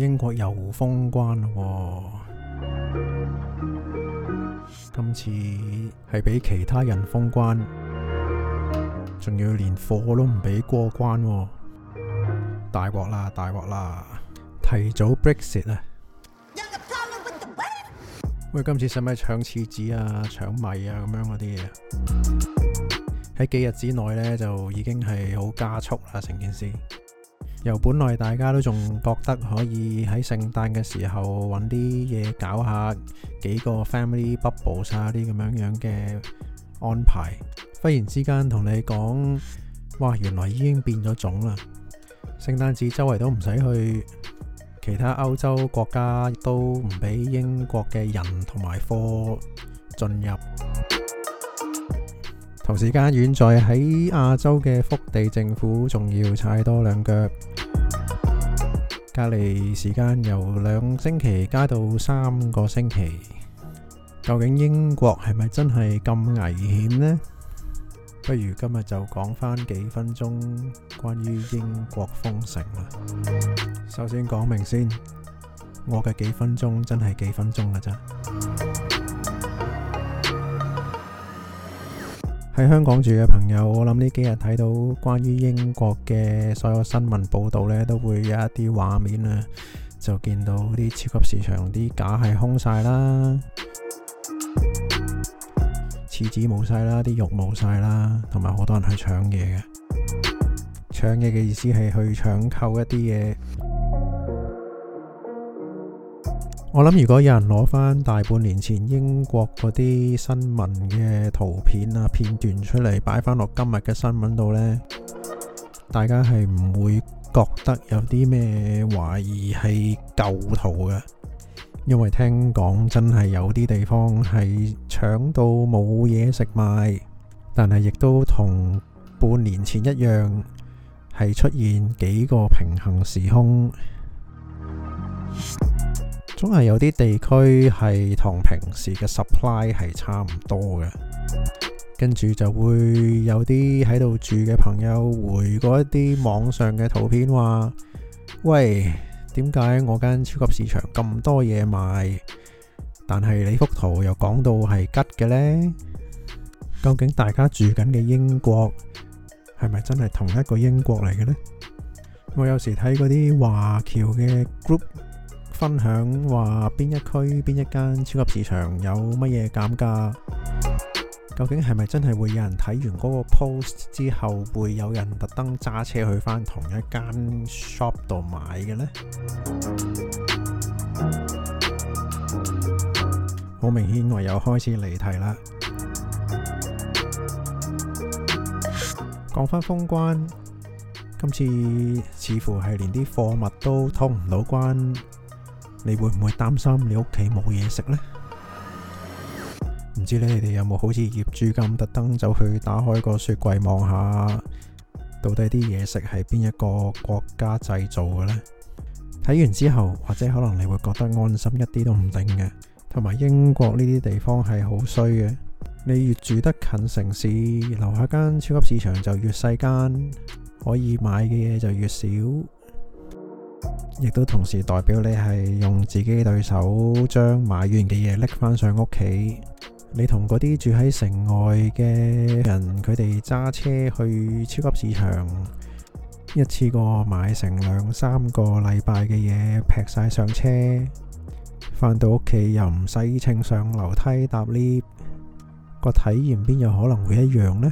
英國又封關咯、哦，今次係俾其他人封關，仲要連貨都唔俾過關、哦，大鑊啦大鑊啦！提早 Brexit 啊，喂，今次使唔使搶廁紙啊、搶米啊咁樣嗰啲嘢？喺幾日之內呢，就已經係好加速啦成件事。由本來大家都仲覺得可以喺聖誕嘅時候揾啲嘢搞下幾個 family bubble 晒，啲咁樣樣嘅安排，忽然之間同你講，哇，原來已經變咗種啦！聖誕節周圍都唔使去，其他歐洲國家都唔俾英國嘅人同埋貨進入。頭時間遠在喺亞洲嘅福地政府，仲要踩多兩腳，隔離時間由兩星期加到三個星期。究竟英國係咪真係咁危險呢？不如今日就講翻幾分鐘關於英國封城啦。首先講明先，我嘅幾分鐘真係幾分鐘噶咋。喺香港住嘅朋友，我諗呢幾日睇到關於英國嘅所有新聞報道呢，都會有一啲畫面啊，就見到啲超級市場啲架係空晒啦，廁紙冇晒啦，啲肉冇晒啦，同埋好多人去搶嘢嘅，搶嘢嘅意思係去搶購一啲嘢。我諗如果有人攞翻大半年前英國嗰啲新聞嘅圖片啊片段出嚟擺翻落今日嘅新聞度呢，大家係唔會覺得有啲咩懷疑係舊圖嘅，因為聽講真係有啲地方係搶到冇嘢食賣，但係亦都同半年前一樣係出現幾個平行時空。總係有啲地區係同平時嘅 supply 係差唔多嘅，跟住就會有啲喺度住嘅朋友回過一啲網上嘅圖片，話：喂，點解我間超級市場咁多嘢賣，但係你幅圖又講到係吉嘅呢？究竟大家住緊嘅英國係咪真係同一個英國嚟嘅呢？我有時睇嗰啲華僑嘅 group。分享話邊一區邊一間超級市場有乜嘢減價？究竟係咪真係會有人睇完嗰個 post 之後，會有人特登揸車去返同一間 shop 度買嘅呢？好明顯，我又開始離題啦。講返封關，今次似乎係連啲貨物都通唔到關。你會唔會擔心你屋企冇嘢食呢？唔知你哋有冇好似業主咁特登走去打開個雪櫃望下，到底啲嘢食係邊一個國家製造嘅呢？睇完之後，或者可能你會覺得安心一啲都唔定嘅。同埋英國呢啲地方係好衰嘅，你越住得近城市，樓下間超級市場就越細間，可以買嘅嘢就越少。亦都同時代表你係用自己對手將買完嘅嘢拎返上屋企，你同嗰啲住喺城外嘅人，佢哋揸車去超級市場，一次過買成兩三個禮拜嘅嘢，劈晒上車，返到屋企又唔使稱上樓梯搭 lift，個體驗邊有可能會一樣呢？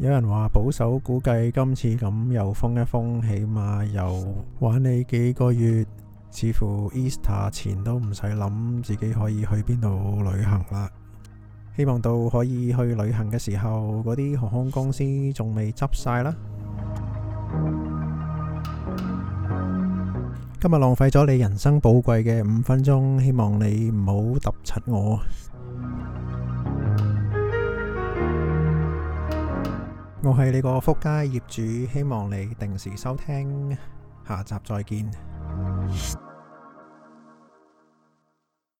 有人話保守估計今次咁又封一封，起碼又玩你幾個月，似乎 Easter 前都唔使諗自己可以去邊度旅行啦。希望到可以去旅行嘅時候，嗰啲航空公司仲未執晒啦。今日浪費咗你人生寶貴嘅五分鐘，希望你唔好揼柒我。我係你個福佳業主，希望你定時收聽，下集再見。